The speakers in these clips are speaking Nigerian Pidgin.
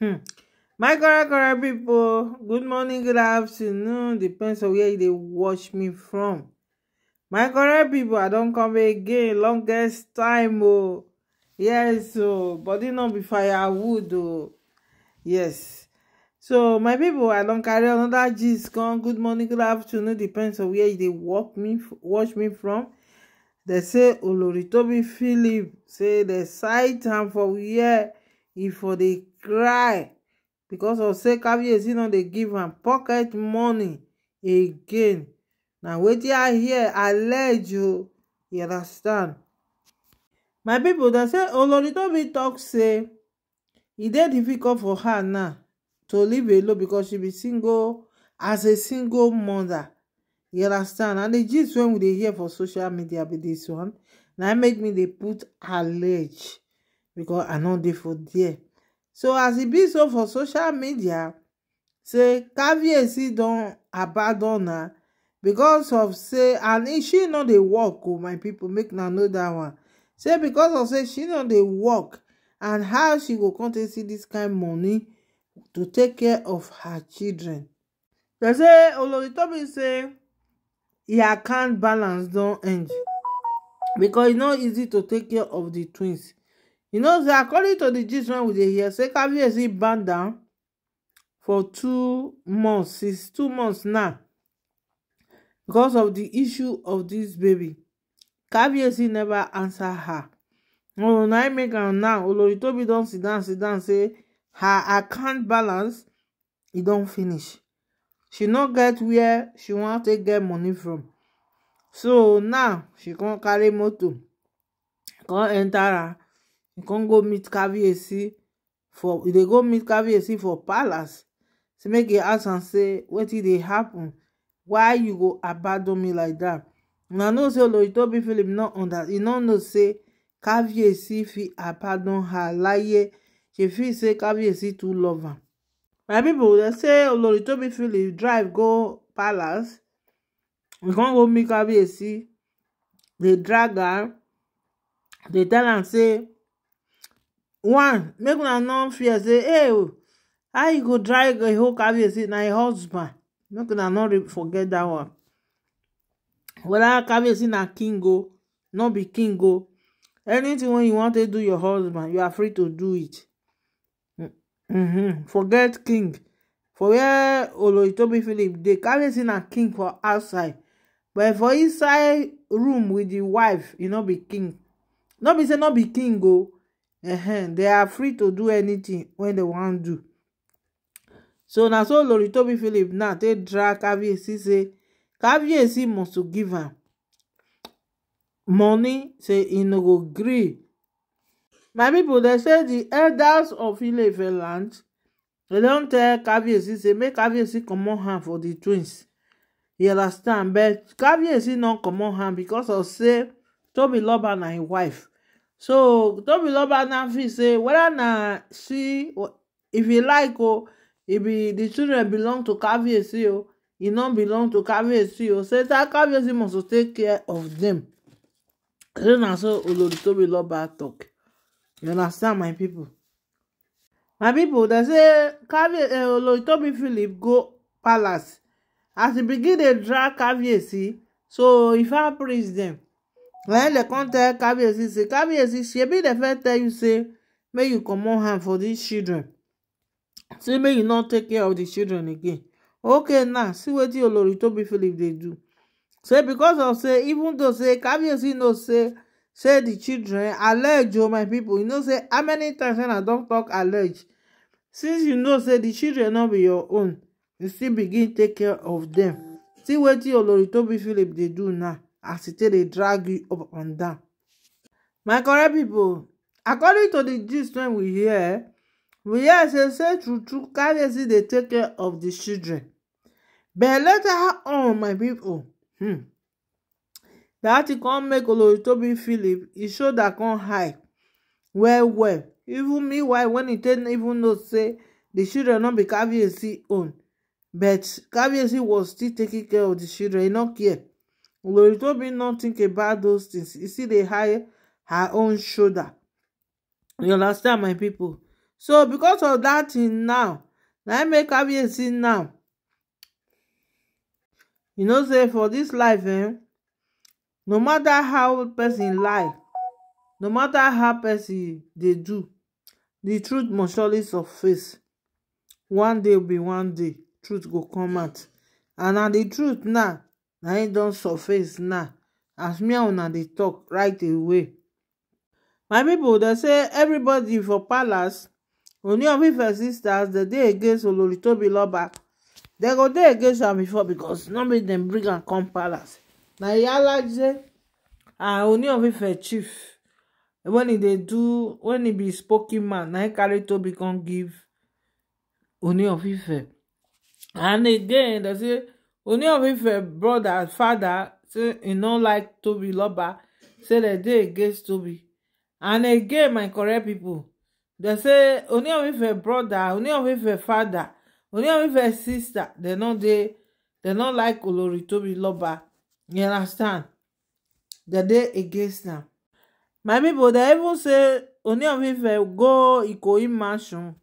Hmm. My correct people, good morning, good afternoon, depends on where they watch me from. My correct people, I don't come again, longest time oh. Yes oh, body not be firewood oh. Yes. So my people, I don't carry another gist come. Good morning, good afternoon, depends on where they dey watch me watch me from. They say Olori Toby Philip say the cite am for where e for dey cry because of say kabiyesi no dey give am pocket money again na wetin i hear allege o you understand my pipo dem say oloritobi tok say e dey difficult for her now to live alone because she be single as a single mother you understand and the gist wey we dey hear for social media be this one na make me dey put allege Because i no dey for there so as e be so for social media say e caviarcy don abandon her because of say and e, she no dey work o oh, my pipo make na know dat one say because of say she no dey work and how she go come take see dis kain money to take care of her children dem say oloritobi say e account balance don end because e no easy to take care of di twins you know say according to the gist when we dey hear say kabiyesi banned down for two months It's two months now because of the issue of this baby kabiyesi never answer her oh now im make her now olori tobi don sidon sidon say her account balance e don't finish she not get where she want to get money from so now she can't carry motor Can't enter her You can go meet caviarcy for e dey go meet caviarcy for palace say make e ask and say wetin dey happen why you go abandon me like dat I know say oloritobi philip not on that. no know say caviarcy fi abandon her laye she fi say caviarcy too love am my people, they say oloritobi philip drive go palace we come go meet caviarcy They drag her. They tell and say one make una no fear say hey how oh, you go dry a whole cabbie na a husband make una no forget dat one whether cabbie na king o oh, no be king o oh. anything wey you want to do your husband you are free to do it mm-hmm. forget king for where oloritobi philip dey cabbie na king for outside but for inside room with di wife e no be king no be say no be king o -huh. they are free to do anytin wey dem wan do so na so Lori loritobi philip now take drag caviarcy say caviarcy must to give am money say e no go gree my pipo dem say di elders of ileife land dem don tell caviarcy say make caviarcy comot hand for di twins you understand but caviarcy no comot hand because of say tobi loba na im wife so don't be tobiloba now If you say whether na she if you like o if e be di children belong to caviarcy o e don't belong to caviarcy o say caviarcy must take care of dem so na so olori tobiloba talk. you understand my people? my people, they say Kavye. Eh, olori tobi philip go palace as e begin to drag caviarcy so if e I praise them when dem come tell kabiyesi say kabiyesi shebi dem first tell you say make you comot hand for dis children say make you no take care of di children again okay now see wetin oloritobi philip dey do say because of say even though say kabiyesi know say say di children allege o oh, my pipo you know say how many times i don talk allege since you know say di children no be your own you still begin take care of dem see wetin oloritobi philip dey do now as e take dey drag you up and down my correct pipo according to di gist wey we hear we hear say say true true carviesi dey take care of di children but later on my pipo hmm dat tin come make oloritobi philip e shoulder come high well well even meanwhile when e take even know say di children no be carviesi own but carviesi was still taking care of di children e no care oloritobi not think about those things You see, they hide her own shoulder you understand my people. so because of that thing now I make up make sin now you know say for this life eh, no matter how person lie no matter how person they do the truth must surely surface one day will be one day truth go come out and na the truth now na im don surface now as me and una dey talk right away. my people, dem say everybody for palace Ooni of Ife sisters dem dey against Olori Tobiloba dem go dey against am before because no make dem bring am come palace na Iyalaje e and Ooni of Ife chief When e dey do when e be spoken man na im carry Tobi come give Ooni of Ife and again dem say Ooni of a brother father say e no like Tobiloba say dem dey against Tobi and again my correct people, dem say Ooni of a brother Ooni of a father Ooni of a sister dem no dey dem no like Olori Tobiloba you understand dem dey against am my pipo dem even say Ooni of Ife go Ikoyi mansion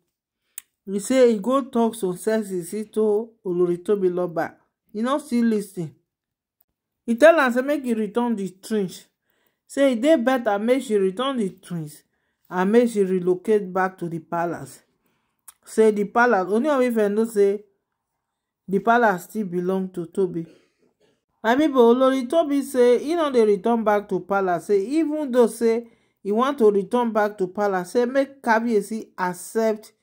e say e go talk some senses to Olori Tobiloba e no still lis ten e tell am say make e return di twins say e dey beta make she return di twins and make she relocate back to di palace say di palace only of ife know say di palace still belong to tobi my pipo olori tobi say e no dey return back to palace say even though say e want to return back to palace say make kabiyesi accept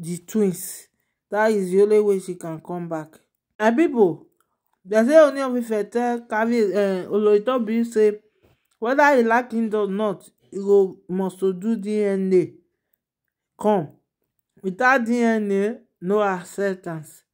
di twins dat is di only way she can come back my pipo dem say Ooni of Ife tell Kabiyesi eh, um Olori say whether he like him or not he go must do DNA come without DNA no acceptance